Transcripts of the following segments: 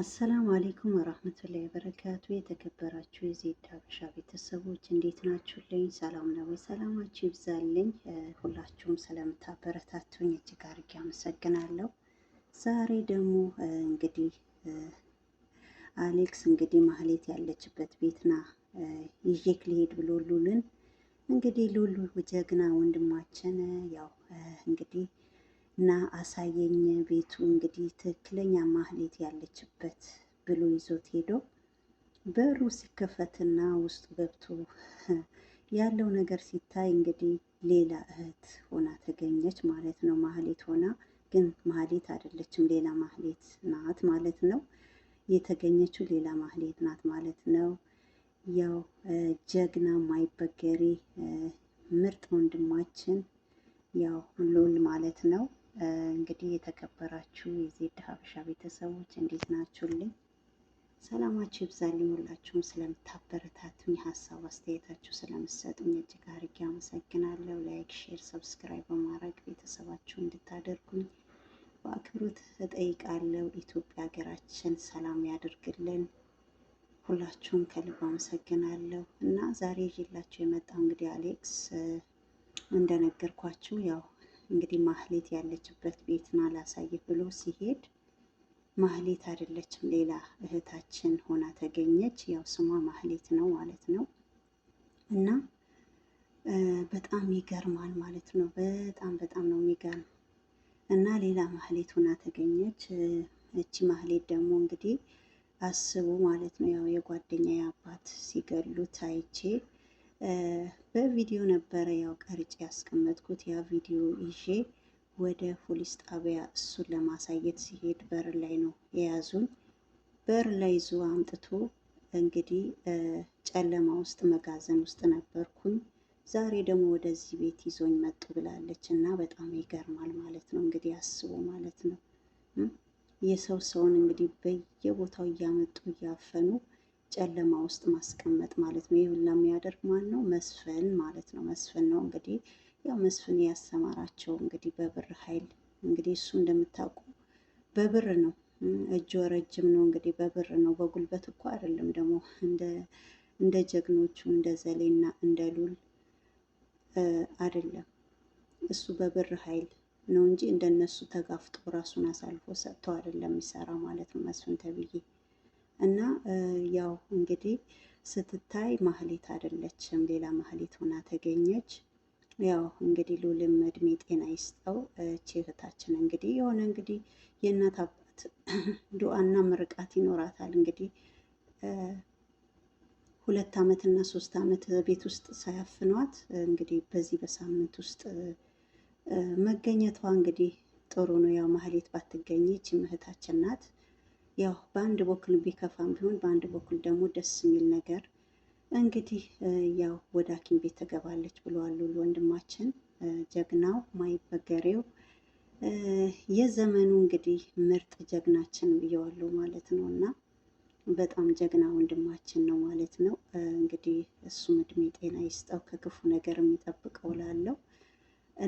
አሰላሙ አሌይኩም ወራህመቱላሂ ወበረካቱ። የተከበራችሁ የዜድ ሀበሻ ቤተሰቦች እንዴት ናችሁልኝ? ሰላም ነው ወይ? ሰላማችሁ ይብዛልኝ። ሁላችሁም ስለምታበረታቱኝ እጅግ አድርጌ አመሰግናለሁ። ዛሬ ደግሞ እንግዲህ አሌክስ እንግዲህ ማህሌት ያለችበት ቤትና ይዤክ ሊሄድ ብሎ ሉልን እንግዲህ ሉሉ ጀግና ወንድማችን ያው እንግዲህ እና አሳየኝ ቤቱ እንግዲህ ትክክለኛ ማህሌት ያለችበት ብሎ ይዞት ሄዶ በሩ ሲከፈትና ውስጡ ገብቶ ያለው ነገር ሲታይ እንግዲህ ሌላ እህት ሆና ተገኘች ማለት ነው። ማህሌት ሆና ግን ማህሌት አይደለችም፣ ሌላ ማህሌት ናት ማለት ነው። የተገኘችው ሌላ ማህሌት ናት ማለት ነው። ያው ጀግና ማይበገሪ ምርጥ ወንድማችን ያው ሉል ማለት ነው እንግዲህ የተከበራችሁ የዜድ ሀበሻ ቤተሰቦች እንዴት ናችሁልኝ? ሰላማችሁ ይብዛልኝ። ሁላችሁም ስለምታበረታቱኝ፣ ሀሳብ አስተያየታችሁ ስለምትሰጡኝ እጅግ አድርጌ አመሰግናለሁ። ላይክ፣ ሼር፣ ሰብስክራይብ በማድረግ ቤተሰባችሁ እንድታደርጉኝ በአክብሮት እጠይቃለሁ። ኢትዮጵያ ሀገራችን ሰላም ያድርግልን። ሁላችሁም ከልብ አመሰግናለሁ እና ዛሬ ይዤላችሁ የመጣው እንግዲህ አሌክስ እንደነገርኳችሁ ያው እንግዲህ ማህሌት ያለችበት ቤትን አላሳይ ብሎ ሲሄድ ማህሌት አይደለችም ሌላ እህታችን ሆና ተገኘች። ያው ስሟ ማህሌት ነው ማለት ነው። እና በጣም ይገርማል ማለት ነው። በጣም በጣም ነው የሚገርም እና ሌላ ማህሌት ሆና ተገኘች። እቺ ማህሌት ደግሞ እንግዲህ አስቡ ማለት ነው ያው የጓደኛ አባት ሲገሉት አይቼ በቪዲዮ ነበረ ያው ቀርጬ ያስቀመጥኩት። ያ ቪዲዮ ይዤ ወደ ፖሊስ ጣቢያ እሱን ለማሳየት ሲሄድ በር ላይ ነው የያዙን። በር ላይ ይዞ አምጥቶ እንግዲህ ጨለማ ውስጥ መጋዘን ውስጥ ነበርኩኝ። ዛሬ ደግሞ ወደዚህ ቤት ይዞኝ መጡ ብላለች እና በጣም ይገርማል ማለት ነው እንግዲህ አስቦ ማለት ነው የሰው ሰውን እንግዲህ በየቦታው እያመጡ እያፈኑ ጨለማ ውስጥ ማስቀመጥ ማለት ነው። ይህ ሁላ የሚያደርግ ማን ነው? መስፍን ማለት ነው። መስፍን ነው እንግዲህ ያው መስፍን ያሰማራቸው እንግዲህ በብር ኃይል እንግዲህ እሱ እንደምታውቁ በብር ነው። እጅ ረጅም ነው እንግዲህ በብር ነው። በጉልበት እኮ አይደለም ደግሞ እንደ ጀግኖቹ እንደ ዘሌና እንደ ሉል አይደለም። እሱ በብር ኃይል ነው እንጂ እንደነሱ ተጋፍጦ ራሱን አሳልፎ ሰጥቶ አይደለም የሚሰራ ማለት ነው መስፍን ተብዬ እና ያው እንግዲህ ስትታይ ማህሌት አይደለችም፣ ሌላ ማህሌት ሆና ተገኘች። ያው እንግዲህ ሉልም እድሜ ጤና ይስጠው። እቺ እህታችን እንግዲህ የሆነ እንግዲህ የእናት አባት ዱዓና ምርቃት ይኖራታል። እንግዲህ ሁለት አመት እና ሶስት አመት ቤት ውስጥ ሳያፍኗት እንግዲህ በዚህ በሳምንት ውስጥ መገኘቷ እንግዲህ ጥሩ ነው። ያው ማህሌት ባትገኘች እህታችን ናት። ያው በአንድ በኩል ቢከፋም ቢሆን በአንድ በኩል ደግሞ ደስ የሚል ነገር እንግዲህ ያው ወደ ሐኪም ቤት ትገባለች ብለዋል ወንድማችን ጀግናው ማይበገሬው የዘመኑ እንግዲህ ምርጥ ጀግናችን ብየዋለሁ ማለት ነው። እና በጣም ጀግና ወንድማችን ነው ማለት ነው። እንግዲህ እሱም እድሜ ጤና ይስጠው ከክፉ ነገር የሚጠብቀው ላለው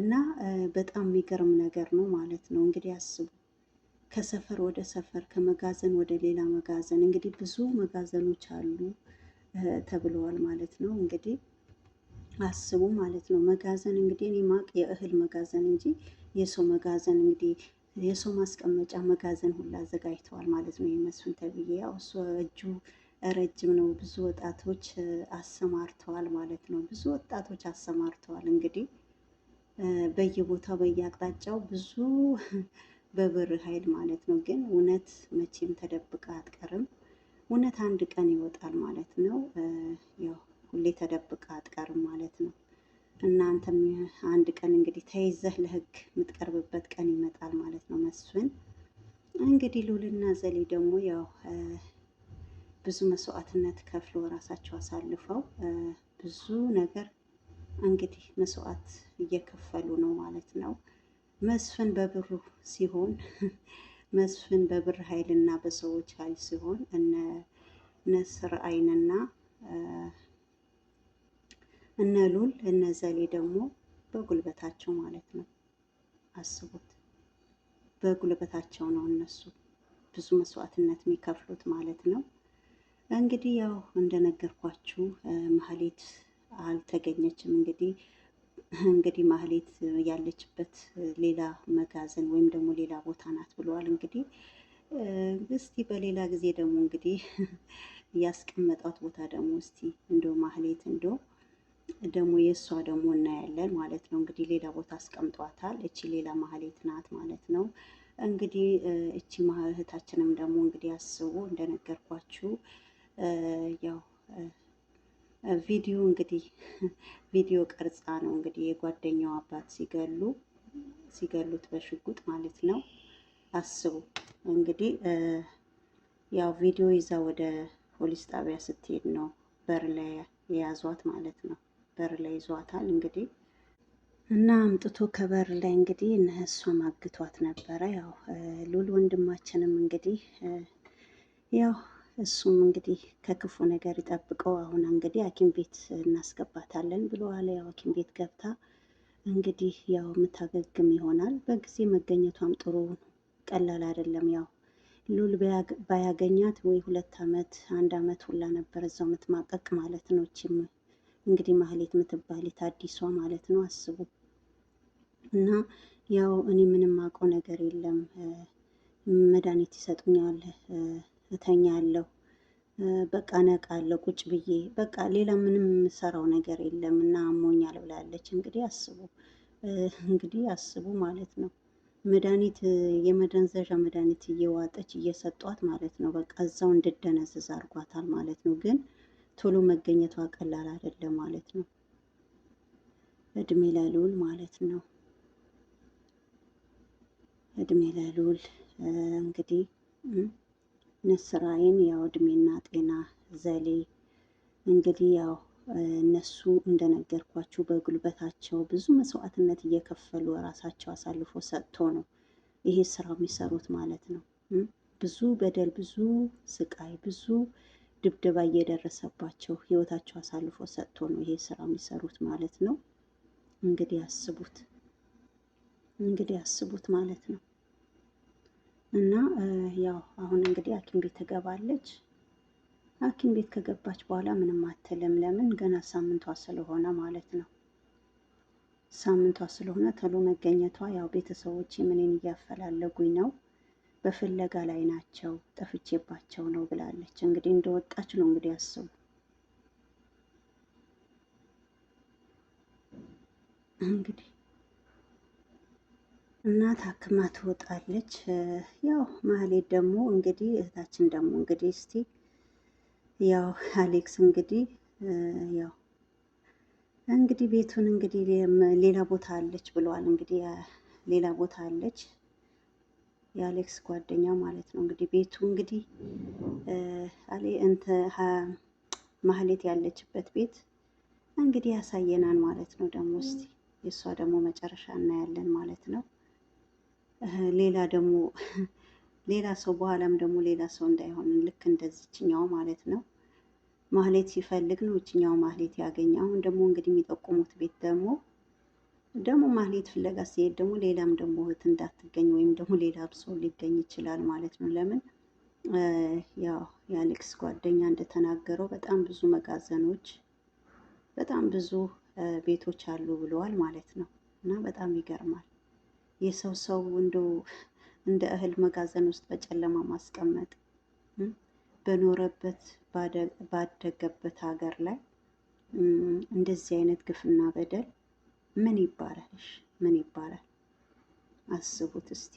እና በጣም የሚገርም ነገር ነው ማለት ነው። እንግዲህ አስቡ ከሰፈር ወደ ሰፈር ከመጋዘን ወደ ሌላ መጋዘን እንግዲህ ብዙ መጋዘኖች አሉ ተብለዋል ማለት ነው። እንግዲህ አስቡ ማለት ነው። መጋዘን እንግዲህ እኔ ማቅ የእህል መጋዘን እንጂ የሰው መጋዘን እንግዲህ የሰው ማስቀመጫ መጋዘን ሁላ አዘጋጅተዋል ማለት ነው። የመስፍን ተብዬ ያው እሱ እጁ ረጅም ነው። ብዙ ወጣቶች አሰማርተዋል ማለት ነው። ብዙ ወጣቶች አሰማርተዋል እንግዲህ በየቦታው በየአቅጣጫው ብዙ በብር ኃይል ማለት ነው። ግን እውነት መቼም ተደብቃ አትቀርም። እውነት አንድ ቀን ይወጣል ማለት ነው። ያው ሁሌ ተደብቃ አትቀርም ማለት ነው። እናንተም አንድ ቀን እንግዲህ ተይዘህ ለህግ የምትቀርብበት ቀን ይመጣል ማለት ነው። መስፍን እንግዲህ ሉልና ዘሌ ደግሞ ያው ብዙ መስዋዕትነት ከፍሎ ራሳቸው አሳልፈው ብዙ ነገር እንግዲህ መስዋዕት እየከፈሉ ነው ማለት ነው። መስፍን በብሩ ሲሆን መስፍን በብር ኃይልና በሰዎች ኃይል ሲሆን እነ ነስር አይንና እነ ሉል እነ ዘሌ ደግሞ በጉልበታቸው ማለት ነው። አስቡት፣ በጉልበታቸው ነው እነሱ ብዙ መስዋዕትነት የሚከፍሉት ማለት ነው። እንግዲህ ያው እንደነገርኳችሁ ማህሌት አልተገኘችም እንግዲህ እንግዲህ ማህሌት ያለችበት ሌላ መጋዘን ወይም ደግሞ ሌላ ቦታ ናት ብለዋል። እንግዲህ እስቲ በሌላ ጊዜ ደግሞ እንግዲህ ያስቀመጣት ቦታ ደግሞ እስቲ እንደ ማህሌት እንደው ደግሞ የእሷ ደግሞ እናያለን ማለት ነው። እንግዲህ ሌላ ቦታ አስቀምጧታል። እቺ ሌላ ማህሌት ናት ማለት ነው። እንግዲህ እቺ እህታችንም ደግሞ እንግዲህ አስቡ እንደነገርኳችሁ ያው ቪዲዮ እንግዲህ ቪዲዮ ቀርጻ ነው እንግዲህ የጓደኛው አባት ሲገሉ ሲገሉት በሽጉጥ ማለት ነው። አስቡ እንግዲህ ያው ቪዲዮ ይዛ ወደ ፖሊስ ጣቢያ ስትሄድ ነው በር ላይ የያዟት ማለት ነው። በር ላይ ይዟታል እንግዲህ እና አምጥቶ ከበር ላይ እንግዲህ እነሷም አግቷት ነበረ። ያው ሉል ወንድማችንም እንግዲህ ያው እሱም እንግዲህ ከክፉ ነገር ይጠብቀው። አሁን እንግዲህ ሐኪም ቤት እናስገባታለን ብለዋል። ያው ሐኪም ቤት ገብታ እንግዲህ ያው የምታገግም ይሆናል። በጊዜ መገኘቷም ጥሩ ቀላል አይደለም። ያው ሉል ባያገኛት ወይ ሁለት ዓመት አንድ ዓመት ሁላ ነበር እዛው የምትማቀቅ ማለት ነው። እችም እንግዲህ ማህሌት የምትባሊት አዲሷ ማለት ነው። አስቡ እና ያው እኔ ምንም አውቀው ነገር የለም መድኃኒት ይሰጡኛል እተኛለሁ፣ በቃ ነቃለሁ ቁጭ ብዬ በቃ ሌላ ምንም የምሰራው ነገር የለም እና አሞኛል ብላለች። እንግዲህ አስቡ እንግዲህ አስቡ ማለት ነው። መድኃኒት የመደንዘዣ መድኃኒት እየዋጠች እየሰጧት ማለት ነው። በቃ እዛው እንድደነዝዝ አድርጓታል ማለት ነው። ግን ቶሎ መገኘቷ ቀላል አይደለም ማለት ነው። እድሜ ለልዑል ማለት ነው። እድሜ ለልዑል እንግዲህ ንስራይን ያው እድሜና ጤና ዘሌ እንግዲህ ያው እነሱ እንደነገርኳቸው በጉልበታቸው ብዙ መስዋዕትነት እየከፈሉ ራሳቸው አሳልፎ ሰጥቶ ነው ይሄ ስራ የሚሰሩት ማለት ነው። ብዙ በደል፣ ብዙ ስቃይ፣ ብዙ ድብደባ እየደረሰባቸው ህይወታቸው አሳልፎ ሰጥቶ ነው ይሄ ስራ የሚሰሩት ማለት ነው። እንግዲህ አስቡት እንግዲህ አስቡት ማለት ነው። እና ያው አሁን እንግዲህ ሐኪም ቤት ትገባለች። ሐኪም ቤት ከገባች በኋላ ምንም አትልም። ለምን ገና ሳምንቷ ስለሆነ ማለት ነው። ሳምንቷ ስለሆነ ቶሎ መገኘቷ ያው ቤተሰቦች ምንን እያፈላለጉኝ ነው በፍለጋ ላይ ናቸው፣ ጠፍቼባቸው ነው ብላለች። እንግዲህ እንደወጣች ነው እንግዲህ አስቡ። እንግዲህ እና ታክማ ትወጣለች። ያው ማህሌት ደግሞ እንግዲህ እህታችን ደግሞ እንግዲህ እስቲ ያው አሌክስ እንግዲህ ያው እንግዲህ ቤቱን እንግዲህ ሌላ ቦታ አለች ብለዋል። እንግዲህ ሌላ ቦታ አለች የአሌክስ ጓደኛ ማለት ነው። እንግዲህ ቤቱ እንግዲህ አሌ እንተ ማህሌት ያለችበት ቤት እንግዲህ ያሳየናል ማለት ነው። ደግሞ እስቲ የእሷ ደግሞ መጨረሻ እናያለን ማለት ነው። ሌላ ደግሞ ሌላ ሰው በኋላም ደግሞ ሌላ ሰው እንዳይሆንን ልክ እንደዚችኛው ማለት ነው። ማህሌት ሲፈልግ ነው እችኛው ማህሌት ያገኘ። አሁን ደግሞ እንግዲህ የሚጠቁሙት ቤት ደግሞ ደግሞ ማህሌት ፍለጋ ሲሄድ ደግሞ ሌላም ደግሞ እህት እንዳትገኝ ወይም ደግሞ ሌላ ሰው ሊገኝ ይችላል ማለት ነው። ለምን ያው የአሌክስ ጓደኛ እንደተናገረው በጣም ብዙ መጋዘኖች በጣም ብዙ ቤቶች አሉ ብለዋል ማለት ነው። እና በጣም ይገርማል። የሰው ሰው እንደው እንደ እህል መጋዘን ውስጥ በጨለማ ማስቀመጥ በኖረበት ባደገበት ሀገር ላይ እንደዚህ አይነት ግፍና በደል ምን ይባላል? ምን ይባላል? አስቡት እስቲ።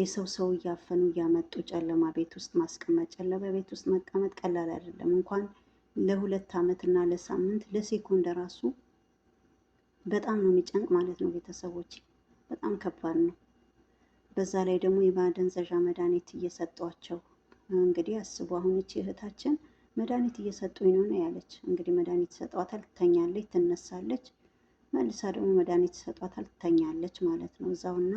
የሰው ሰው እያፈኑ እያመጡ ጨለማ ቤት ውስጥ ማስቀመጥ፣ ጨለማ ቤት ውስጥ መቀመጥ ቀላል አይደለም። እንኳን ለሁለት ዓመት እና ለሳምንት ለሴኮንድ ራሱ በጣም ነው የሚጨንቅ ማለት ነው ቤተሰቦች በጣም ከባድ ነው። በዛ ላይ ደግሞ የማደንዘዣ መድኃኒት እየሰጧቸው እንግዲህ አስቡ። አሁን ይቺ እህታችን መድኃኒት እየሰጡኝ ነው ያለች። እንግዲህ መድኃኒት ይሰጧታል፣ ትተኛለች፣ ትነሳለች። መልሳ ደግሞ መድኃኒት ይሰጧታል፣ ትተኛለች ማለት ነው እዛውና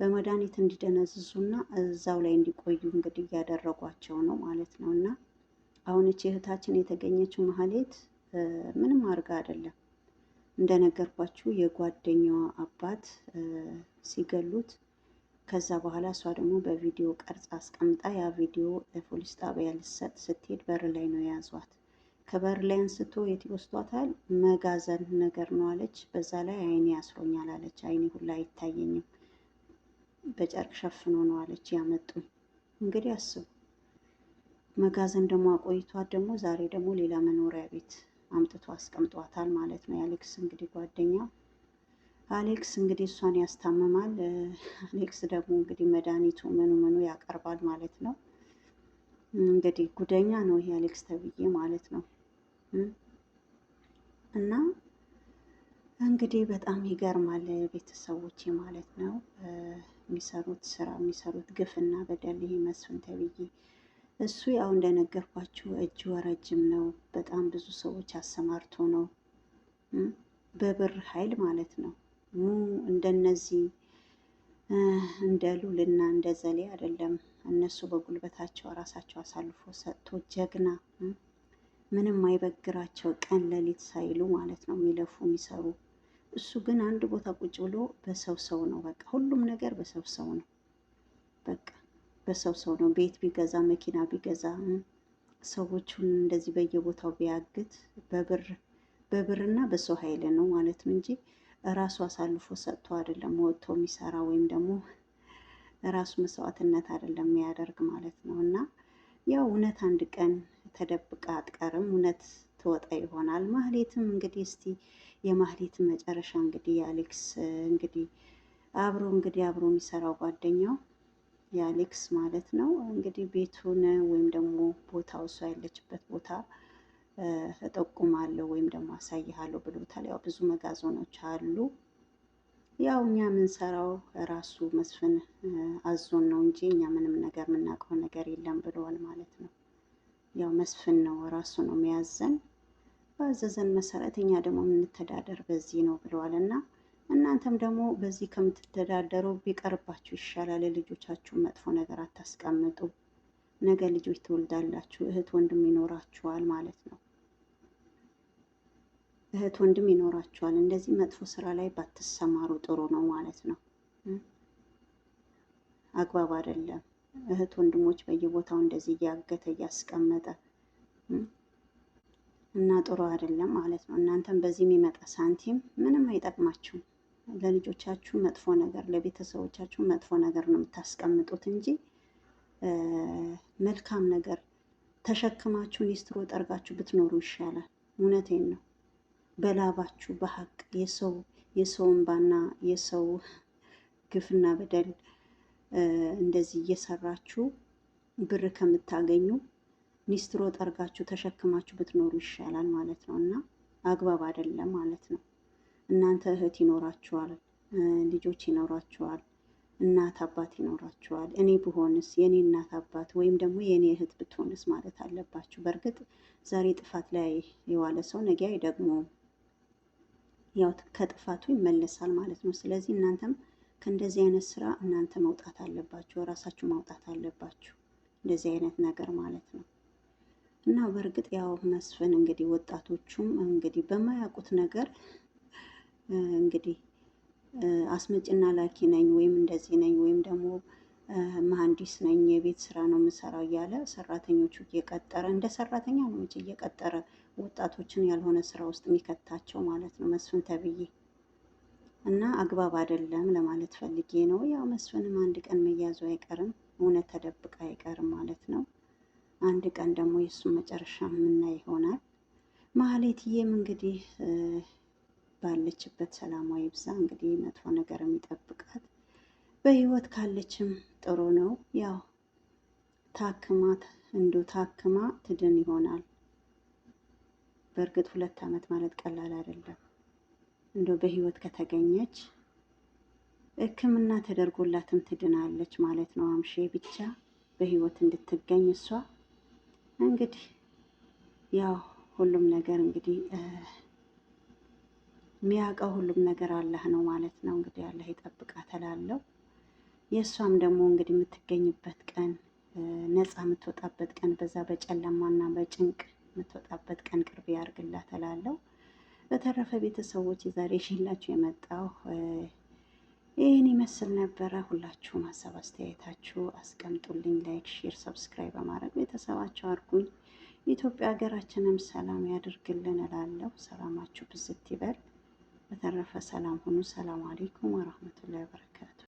በመድኃኒት እንዲደነዝዙና እዛው ላይ እንዲቆዩ እንግዲህ እያደረጓቸው ነው ማለት ነው። እና አሁን እቺ እህታችን የተገኘችው መሀሌት ምንም አድርጋ አይደለም እንደነገርኳችሁ የጓደኛዋ አባት ሲገሉት ከዛ በኋላ እሷ ደግሞ በቪዲዮ ቀርጻ አስቀምጣ ያ ቪዲዮ ለፖሊስ ጣቢያ ልሰጥ ስትሄድ በር ላይ ነው የያዟት። ከበር ላይ አንስቶ የት ይወስዷታል? መጋዘን ነገር ነው አለች። በዛ ላይ አይኔ ያስሮኛል አለች። አይኔ ሁላ አይታየኝም በጨርቅ ሸፍኖ ነው አለች ያመጡኝ። እንግዲህ አስቡ። መጋዘን ደግሞ አቆይቷት ደግሞ ዛሬ ደግሞ ሌላ መኖሪያ ቤት አምጥቶ አስቀምጧታል ማለት ነው። የአሌክስ እንግዲህ ጓደኛ አሌክስ እንግዲህ እሷን ያስታምማል። አሌክስ ደግሞ እንግዲህ መድኃኒቱ ምኑ ምኑ ያቀርባል ማለት ነው። እንግዲህ ጉደኛ ነው ይሄ አሌክስ ተብዬ ማለት ነው። እና እንግዲህ በጣም ይገርማል ቤተሰቦቼ ማለት ነው የሚሰሩት ስራ የሚሰሩት ግፍ እና በደል ይሄ መስፍን ተብዬ እሱ ያው እንደነገርኳችሁ እጅ ወረጅም ነው። በጣም ብዙ ሰዎች አሰማርቶ ነው በብር ኃይል ማለት ነው። እንደነዚህ እንደ ሉልና እንደ ዘሌ አይደለም። እነሱ በጉልበታቸው ራሳቸው አሳልፎ ሰጥቶ ጀግና ምንም አይበግራቸው ቀን ለሊት ሳይሉ ማለት ነው የሚለፉ የሚሰሩ። እሱ ግን አንድ ቦታ ቁጭ ብሎ በሰው ሰው ነው በቃ ሁሉም ነገር በሰው ሰው ነው በቃ በሰው ሰው ነው። ቤት ቢገዛ መኪና ቢገዛ ሰዎቹን እንደዚህ በየቦታው ቢያግት በብር በብርና በሰው ኃይል ነው ማለት ነው እንጂ ራሱ አሳልፎ ሰጥቶ አይደለም ወጥቶ የሚሰራ ወይም ደግሞ ራሱ መስዋዕትነት አይደለም የሚያደርግ ማለት ነው። እና ያው እውነት አንድ ቀን ተደብቃ አትቀርም፣ እውነት ትወጣ ይሆናል። ማህሌትም እንግዲህ እስቲ የማህሌትን መጨረሻ እንግዲህ የአሌክስ እንግዲህ አብሮ እንግዲህ አብሮ የሚሰራው ጓደኛው የአሌክስ ማለት ነው። እንግዲህ ቤቱን ወይም ደግሞ ቦታው እሷ ያለችበት ቦታ እጠቁማለሁ ወይም ደግሞ አሳይሃለሁ ብሎታል። ያው ብዙ መጋዘኖች አሉ። ያው እኛ የምንሰራው ራሱ መስፍን አዞን ነው እንጂ እኛ ምንም ነገር የምናውቀው ነገር የለም ብለዋል ማለት ነው። ያው መስፍን ነው ራሱ ነው የሚያዘን። በአዘዘን መሰረት እኛ ደግሞ የምንተዳደር በዚህ ነው ብለዋል እና እናንተም ደግሞ በዚህ ከምትተዳደሩ ቢቀርባችሁ ይሻላል። የልጆቻችሁ መጥፎ ነገር አታስቀምጡ። ነገ ልጆች ትወልዳላችሁ፣ እህት ወንድም ይኖራችኋል ማለት ነው። እህት ወንድም ይኖራችኋል። እንደዚህ መጥፎ ስራ ላይ ባትሰማሩ ጥሩ ነው ማለት ነው። አግባብ አይደለም። እህት ወንድሞች በየቦታው እንደዚህ እያገተ እያስቀመጠ እና ጥሩ አይደለም ማለት ነው። እናንተም በዚህ የሚመጣ ሳንቲም ምንም አይጠቅማችሁም። ለልጆቻችሁ መጥፎ ነገር፣ ለቤተሰቦቻችሁ መጥፎ ነገር ነው የምታስቀምጡት እንጂ መልካም ነገር ተሸክማችሁ ሊስትሮ ጠርጋችሁ ብትኖሩ ይሻላል። እውነቴን ነው። በላባችሁ በሀቅ የሰው የሰው እንባና የሰው ግፍና በደል እንደዚህ እየሰራችሁ ብር ከምታገኙ ሊስትሮ ጠርጋችሁ ተሸክማችሁ ብትኖሩ ይሻላል ማለት ነው እና አግባብ አይደለም ማለት ነው። እናንተ እህት ይኖራችኋል፣ ልጆች ይኖራችኋል፣ እናት አባት ይኖራችኋል። እኔ ብሆንስ የእኔ እናት አባት ወይም ደግሞ የእኔ እህት ብትሆንስ ማለት አለባችሁ። በእርግጥ ዛሬ ጥፋት ላይ የዋለ ሰው ነገ ደግሞ ያው ከጥፋቱ ይመለሳል ማለት ነው። ስለዚህ እናንተም ከእንደዚህ አይነት ስራ እናንተ መውጣት አለባችሁ፣ ራሳችሁ ማውጣት አለባችሁ። እንደዚህ አይነት ነገር ማለት ነው እና በእርግጥ ያው መስፍን እንግዲህ ወጣቶቹም እንግዲህ በማያውቁት ነገር እንግዲህ አስመጭና ላኪ ነኝ ወይም እንደዚህ ነኝ ወይም ደግሞ መሀንዲስ ነኝ የቤት ስራ ነው የምሰራው እያለ ሰራተኞቹ እየቀጠረ እንደ ሰራተኛ ነው እንጂ እየቀጠረ ወጣቶችን ያልሆነ ስራ ውስጥ የሚከታቸው ማለት ነው መስፍን ተብዬ እና አግባብ አይደለም ለማለት ፈልጌ ነው። ያው መስፍንም አንድ ቀን መያዙ አይቀርም እውነት ተደብቃ አይቀርም ማለት ነው። አንድ ቀን ደግሞ የእሱን መጨረሻ የምናይ ይሆናል። ማህሌትዬም እንግዲህ ባለችበት ሰላሟ ይብዛ። እንግዲህ መጥፎ ነገር የሚጠብቃት በህይወት ካለችም ጥሩ ነው። ያው ታክማት እንዶ ታክማ ትድን ይሆናል። በእርግጥ ሁለት ዓመት ማለት ቀላል አይደለም። እንዶ በህይወት ከተገኘች ሕክምና ተደርጎላትም ትድናለች ማለት ነው። አምሼ ብቻ በህይወት እንድትገኝ እሷ እንግዲህ ያው ሁሉም ነገር እንግዲህ የሚያውቀው ሁሉም ነገር አላህ ነው ማለት ነው። እንግዲህ አላህ ይጠብቃት አለው። የእሷም ደግሞ እንግዲህ የምትገኝበት ቀን ነፃ የምትወጣበት ቀን በዛ በጨለማና በጭንቅ የምትወጣበት ቀን ቅርብ ያርግላት እላለሁ። በተረፈ ቤተሰቦች ዛሬ ሽላችሁ የመጣው ይህን ይመስል ነበረ። ሁላችሁም ሀሳብ አስተያየታችሁ አስቀምጡልኝ። ላይክ፣ ሼር፣ ሰብስክራይብ በማድረግ ቤተሰባቸው አድርጉኝ። ኢትዮጵያ ሀገራችንም ሰላም ያድርግልን እላለሁ። ሰላማችሁ ብዝት ይበል። وترف سلام السلام عليكم ورحمة الله وبركاته